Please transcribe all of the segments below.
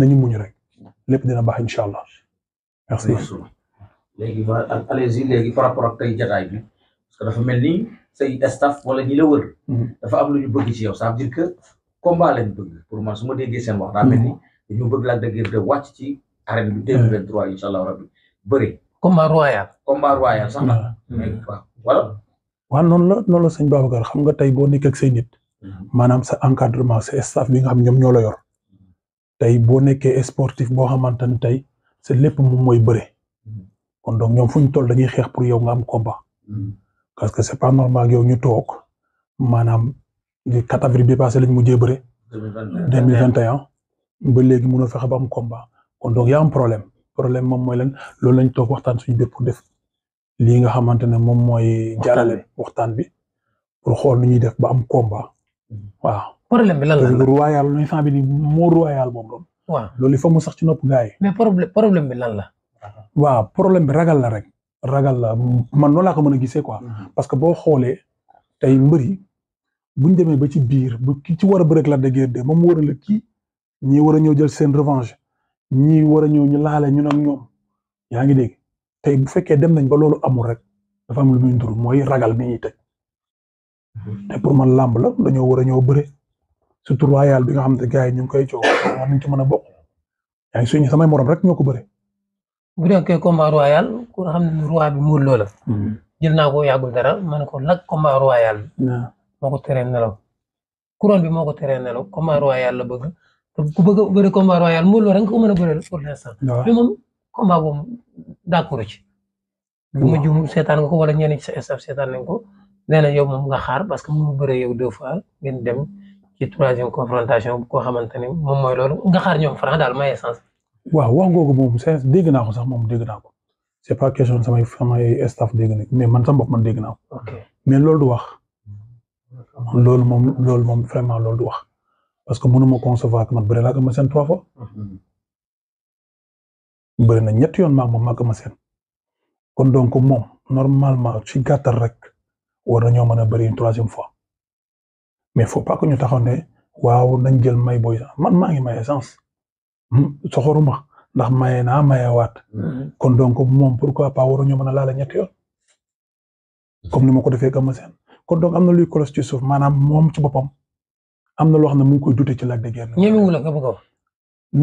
nañu muñ rek lépp dina baax incha allah merci. léegi ma allez léegi par rapport ak tey jataay bi parce que dafa mel ni say staff wala ñi la mm-hmm. dafa am lu ñu bëgg ci yow ça veut dire que combat lañ bëgg pour man su ma déggee seen wax. daa mel ni mm-hmm. dañoo bëgg laa dëgg de wàcc ci arène bi 2023 incha allah rabbi bëri. combat royal. combat royal sax na. Mm-hmm. voilà. waaw noonu la noonu la sëñ Babacar xam nga tey boo nekk ak say nit. maanaam sa encadrement sa staff bi nga xam ñoom ñoo la yor. tey boo nekkee sportif boo xamante ni tey c'est lépp moom mooy bëre kon donc ñoom fu ñu toll dañuy xeex pour yow nga am combat parce que c'est pas normal yow ñu toog maanaam di 4 avril bi passé lañ mujjee bëre. 2021 ba léegi mënoo fexe ba am combat kon donc yaa am problème problème moom mooy lan loolu lañ toog waxtaan suñu biir pour def lii nga xamante ne moom mooy. jaarale waxtaan bi pour xool nu ñuy def ba am combat mm-hmm. waaw. problème bi lan la la royal l'instant bi nii moo royal boobu doon. waaw loolu il faut mu sax ci nopp gars yi. mais problème problème bi lan la. waaw problème bi ragal la rek. ragal la man noonu laa ko mën a gisee quoi. Mhm. parce que boo xoolee tey mbëri buñ demee ba ci biir bu ki ci war a bëreeg la de guerre de moom war a la kii ñii war a ñëw jël seen revanche ñii war a ñëw ñu laale ñun ak ñoom yaa ngi dégg tey bu fekkee dem nañ ba loolu amul rek dafa am lu muy ndur mooy ragal bi ñuy teg. Mhm. te pour man làmb la dañoo war a ñëw bëre. surtout royal bi nga xam ne gars yi ñu ngi koy coow war nañ a bokk yaa ngi suñu samay morom rek ñoo ko bëre. bu dee combat royal ku xam ne roi bi hmm. naa ko yàggul dara man ko lak combat bi. moo ko teree nelaw couronne bi moo ko teree nelaw combat royal la bëgg ku bëgg a bëre combat royal nga ko mën a bëre pour l'instant. mais moom combat boobu d'accord ci. ma juum seetaan nga ko wala ñenn ci sa staff seetaan nañ ko nee na yow moom xaar parce que mu bëre yow deux fois dem. ci troisième confrontation bu koo xamante ne moom mooy loolu nga xaar ñoom franc daal ma essence. waaw wax googu moom sax dégg naa ko sax moom dégg naa ko c'est pas question de samay samay staff dégg mais loolu du wax. loolu moom loolu moom vraiment loolu du wax parce que mënu ma man bëri naa ma seen trois na ñetti yoon maag moom maag ma donc moom normalement ci gàttal rek war na ñoo mën a bëri une troisième fois. mais foo pas que ñu taxaw ne waaw nañ jël may booy sax man maa ngi maye essence hmm, soxoruma ndax maye naa mayewaat mm-hmm. kon donc moom pour pourquoi pas waruñu mën a laala ñetti yoon comme ni ma ko defee gàmm seen kon donc am na luy kolos ci suuf maanaam moom ci boppam am na loo xam ne mu ngi koy dute ci laaj de Guiers. ñemewul nga bëgg a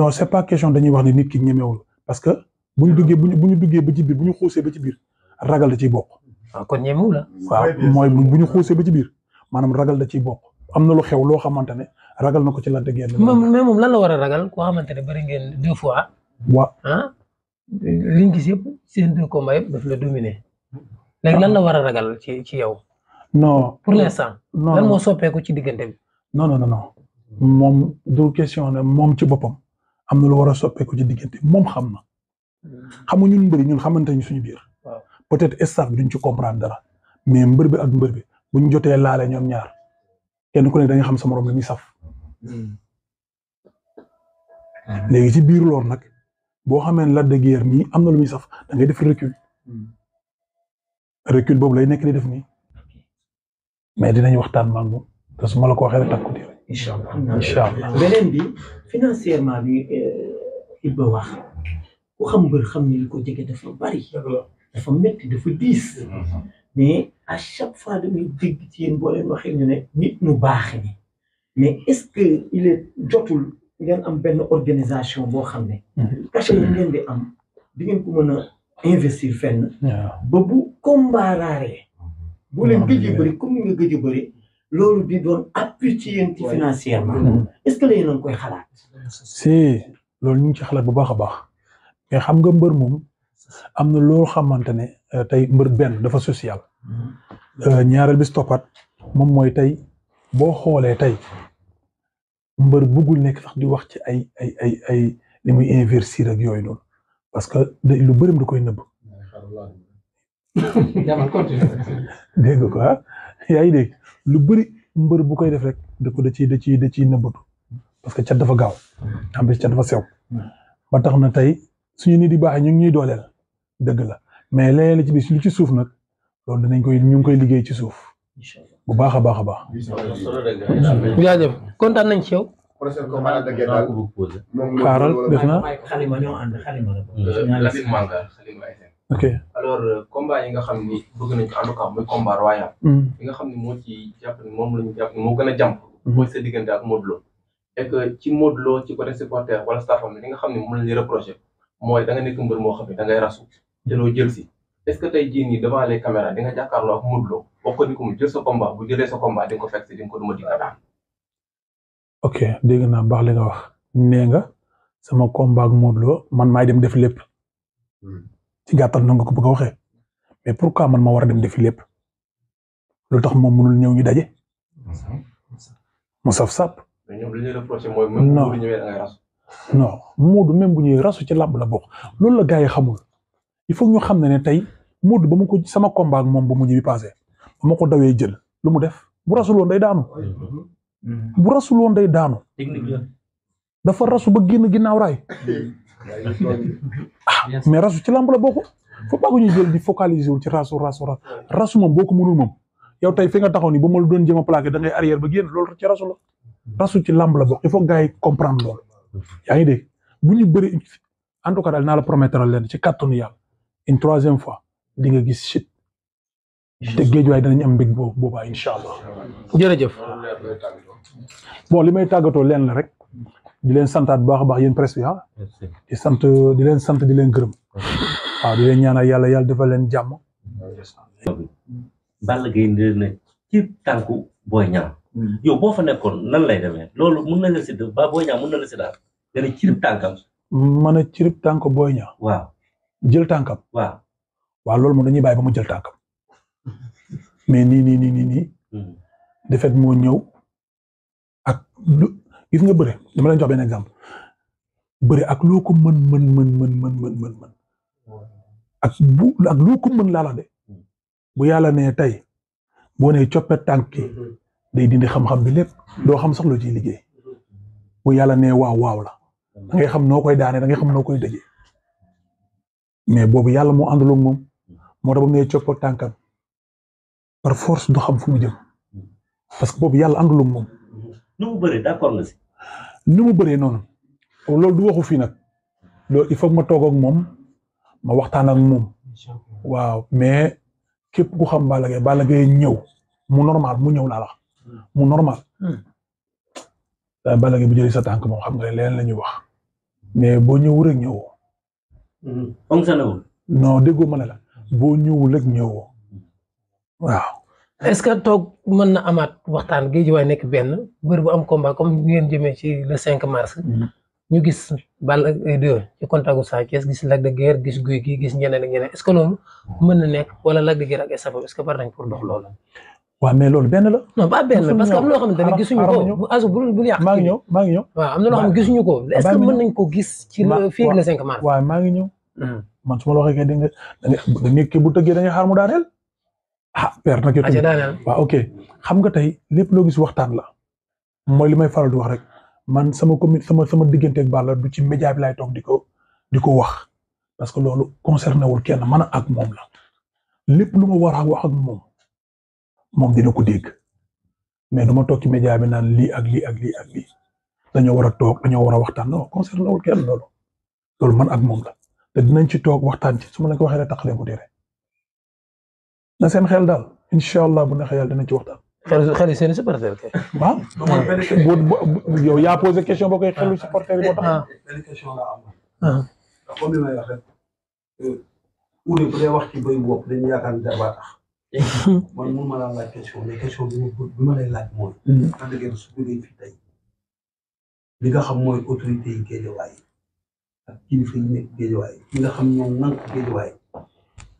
wax. c'est pas question dañuy wax ne nit ki ñemewul parce que bu ñu duggee bu ñu bu ñu duggee ba ci biir bu ñu xuusee ba ci biir ragal da ciy bokk. Ah, kon ñemewul ah. mooy bu ñu xuusee ba ci biir maanaam ragal da ciy bokk. am na lu xew loo xamante ne ragal na ko ci Lac de Guiers. moom mais moom lan la war a ragal koo xamante ne ngeen deux fois. waaw ah liñ gis yëpp seen deux combats yëpp daf la dominer. léegi lan la war a ragal ci ci yow. non pour l'instant. non lan moo soppeeku ci diggante bi. non non non moom du question ne moom ci boppam am na lu war a soppeeku ci diggante moom xam na. xam nga ñun mbëri ñun xamante ne suñu biir. peut-être staff bi duñ ci comprendre dara mais mbër bi ak mbër bi buñ jotee laale ñoom ñaar. kenn ku ne da xam sa morom li muy saf. Mm-hmm. léegi ci biir loolu nag boo xamee Lac de Guiers mii am na lu muy saf dangay def recul. Mm-hmm. recul boobu lay nekk di def nii mais dinañ waxtaan màngu te su ma la ko waxee rek takku di incha allah incha allah beneen bi financièrement bi euh, il ba wax ku xam mbër xam ni li ko jege dafa bari. dafa métti dafa diis. Mhm. mais à chaque fois damay dégg ci yéen boo leen waxee ñu ne nit ñu baax ni mais est ce que il est jotul ngeen am benn organisation boo xam ne. Mhm. cachet yi ngeen di am di ngeen ko mën a investir fenn. ba bu combaaraaree. bu leen gëj a bëri comme nga gëj loolu di doon appui ci yéen ci financièrement. Mhm. est ce que léegi noonu koy xalaat. si loolu ñu ngi ci xalaat bu baax a baax mais xam nga mbër moom. am na loo xamante ne euh, tey mbër benn dafa social. Euh, ñaareel bi si toppaat moom mooy tey boo xoolee tey mbër buggul nekk sax di wax ci ay ay ay ay li muy investir ak yooyu noonu parce que lu bëri da koy nëbb. dégg nga ko ah lu bëri mbër bu koy def rek da ko da ciy da ciy ciy nëbbatu parce que ca dafa gaaw. am bi cat dafa sew. Hmm. ba tax na tey suñu nit di baax ñu ngi ñuy dooleel. dëgg la mais léeg li ci bis lu ci suuf nag loolu dinañ koy ñu ngi koy liggéey ci suuf bu baax a baax a baax. jaajëf kontaan nañ ci yow. prochaine commande ak daal xaaral def na xalima ñoo ànd xalima euh, ok alors euh, combat yi nga xam ni bëgg na ko en tout cas muy combat royal. yi mm. nga xam ni moo ci jàpp ni moom la ñu jàpp moo gën a jàmp. Mm-hmm. mooy sa diggante ak Modou Lo. et que ci Modou ci côté supporter wala staffam li nga xam ni moom la ñuy reproché mooy da nga nekk mbër moo jëloo jël si est-ce que tey jii nii devant les caméras di nga jàkkaarloo ak Modou Lo sa combat bu jëlee sa combat di ko di ko duma di nga daan. ok dégg baax li nga wax nee nga sama combat ak Modou man maay dem def lépp hmm. ci gàttal na nga ko bëgg a waxee mais pour qua man ma war a dem defi lépp lu tax moom mënul ñëw ñu daje. mu saf sap. mais ñoom li ñuy rasu ci làmb la bokk loolu la gars yi xamul. il faut ñu xam ne ne tey Modou ba ma ko sama combat moom ba mu bi passé ba ma ko dawee jël lu mu def bu rasul day daanu. bu rasuloon woon day daanu. dafa rasu ba génn ginnaaw raay. ah mais rasu ci lamb la bokk. faut wu ci rasu rasu rasu rasu moom boo ko fi nga taxaw ni ba ma doon jéem a plaqué da ngay arrière ba génn loolu ci rasu la. rasu lamb la bokk il faut gars yi comprendre loolu. yaa ngi dégg bu ñu bëri en tout cas daal naa la promettre leen ci kàttanu yàlla. une troisième fois di nga gis chute te géej waaye danañ am mbég boobu boobaa incha allah. jërëjëf. bon li may tàggatoo leen la rek di leen santaat bu baax a baax yéen presse bi ah. di sant di leen sant di leen gërëm. waaw di leen ñaanal yàlla yàlla defal leen jàmm. Balla Gaye ndër na ci tànku Boy Niang. Hmm. yow boo fa nekkoon nan lay demee loolu mun na la si ba Boy Niang mun na la si daal ne cirib tànkam. ma ne cirib tànk Boy jël tànkam. waaw waaw loolu moom dañuy bàyyi ba mu jël tànkam mais nii nii nii nii nii. Hmm. defet moo ñëw ak lu gis nga bëre dama leen jox benn exemple bëre ak loo ko mën mën mën mën mën mën mën ak bu ko mën laala de hmm. bu yàlla nee tey boo nee coppet tànk yi hmm. day dindi xam-xam bi lépp doo xam sax loo ciy liggéey bu yàlla nee waaw waaw la da ngay xam noo koy daane da ngay xam noo koy dëjee mais boobu yàlla moo àndul ak moom moo tax ba mu ne coppoo tànkam par force du xam fu mu jël parce que boobu yàlla àndul moom. nu mu bëree d'accord na si. ni mu bëree noonu loolu du waxu fii nag loolu il faut ma toog ak moom ma waxtaan ak moom waaw mais képp ku xam Balla Gaye Balla Gaye ñëw mu normal mu ñëw laa wax mu normal daal hmm. Balla bu jëlee sa tànk moom xam nga leneen la ñuy wax mais boo ñëw rek ñëwoo. fonctionné wul. non déggoo ma la boo ñëwul la ñëwoo waaw. est-ce que toog mën na amaat waxtaan Guédiawaye nekk benn bër bu am combat comme ñu ngeen jëmee ci le cinq mars. Mm-hmm. ñu gis Balla Gaye 2 ci contact gu Sa gis Lac de gis guy Gui gis ñeneen ak ñeneen est-ce que loolu mën na nekk wala Lac de Guiers ak staff est que bari nañ pour dox loolu. waaw mais loolu benn la. non pas la parce na loo xamante ne gisuñu ko. asu bu bu yàq maa ngi ñëw maa ngi ñëw. waaw am na loo xam ko. est ce nañ ko gis. ci le fii le 5 mars. waaw maa ngi ñëw. Hmm. man su ma la waxee kay da nga da nga kii bu tëggee da nga xaar mu daaneel. ah perte na kii. ah waaw ok xam nga tey lépp loo gis waxtaan la. mooy li may faral di wax rek man sama commune sama sama diggante ak Balla du ci média lay toog di ko di ko wax parce que loolu concerné wul kenn man ak moom la lépp lu ma war a ak moom moom dina ko dégg mais du ma toog ci média bi naan lii ak lii ak lii ak dañoo war a toog dañoo war a waxtaan non concerne wul kenn loolu man ak moom la te dinañ ci toog waxtaan ci su ma la ko waxee rek taxalee mu tere na seen xel daal incha allah bu neexee yàlla dinañ ci waxtaan. xel xel seen supporter kay. waaw yow yaa posé question boo koy xelu ah. supporter yi boo tax. Ah. benn question la am. Ah. Euh, wax ci béy boobu dañuy man mun ma laa laaj question mais question bi ma lay laaj mooy. Lac tey li nga xam mooy autorité yi géejawaay ak yi nekk nga xam ñoom nank géejawaay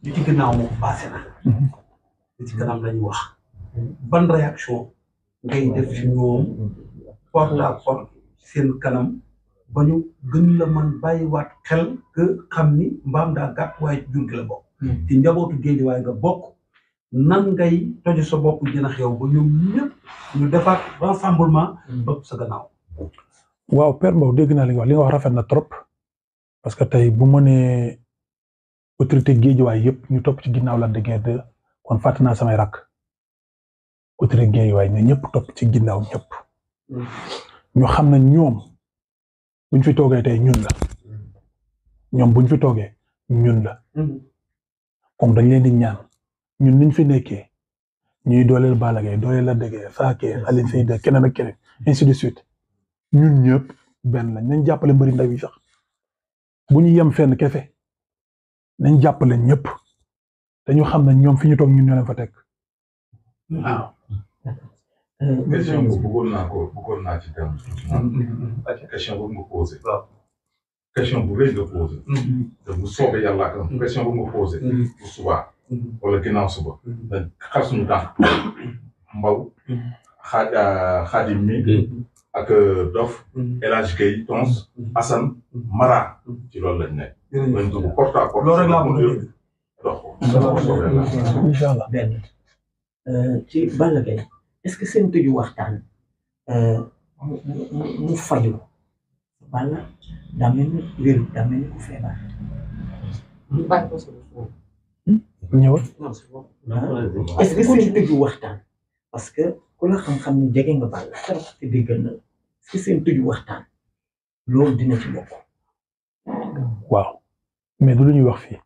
li ci gannaaw moom passé na. li ci kanam lañu wax. ban réaction ngay def ci ñoom porte à porte seen kanam ba ñu gën la man bàyyiwaat xel que xam ni mbaam daa gàtt waaye jur gi la bokk. te mm. njabootu géejawaay nga bokk. nan ngay toje soo bopp jënax yow ba ñoom ñëpp ñu defaat rassemblement mm. ba sa gannaaw waaw Père dégg naa li wax li nga wax rafet na trop parce que tey bu mënee autorité géejuwaay yëpp ñu topp ci ginnaaw Lac de Guiers 2 kon fàtt naa samay rakk autorité géejuwaay ne ñëpp topp ci ginnaaw ñëpp mm. ñu xam na ñoom buñ fi toogee tey ñun la mm. ñoom buñ fi toogee ñun la comme dañ leen di ñaan ñun niñ fi nekkee ñuy dooleel Balla Gaye dooleel Lac de Guiers Sa Thiès de keneen ak keneen ainsi de suite ñun ñëpp benn lañ nañ jàppale mbëri ndaw yi sax bu ñu yem fenn kefe nañ jàppale ñëpp dañu xam ne ñoom fi ñu toog ñun ñoo fa teg waaw. question boobu bëggoon wala ginnaaw suba. Mm-hmm. dañ xar mbaw. Mm-hmm. xaaj euh, xaadim mi. Mm-hmm. ak euh, Dof. El Kay Tons. Assane. Mara. ci lañ nekk. dañ dugg porte à porte. loolu rek laa mën a dégg euh, est-ce que seen tëju waxtaan mu mu mu faju wéru daa mel ni ñëw. Ah. est-ce que seen dëgg waxtaan parce que ku la xam-xam ni jege nga baal la trop te déggal na que seen dëgg waxtaan loolu dina ci bokk. waaw mais du lu ñuy wax fii.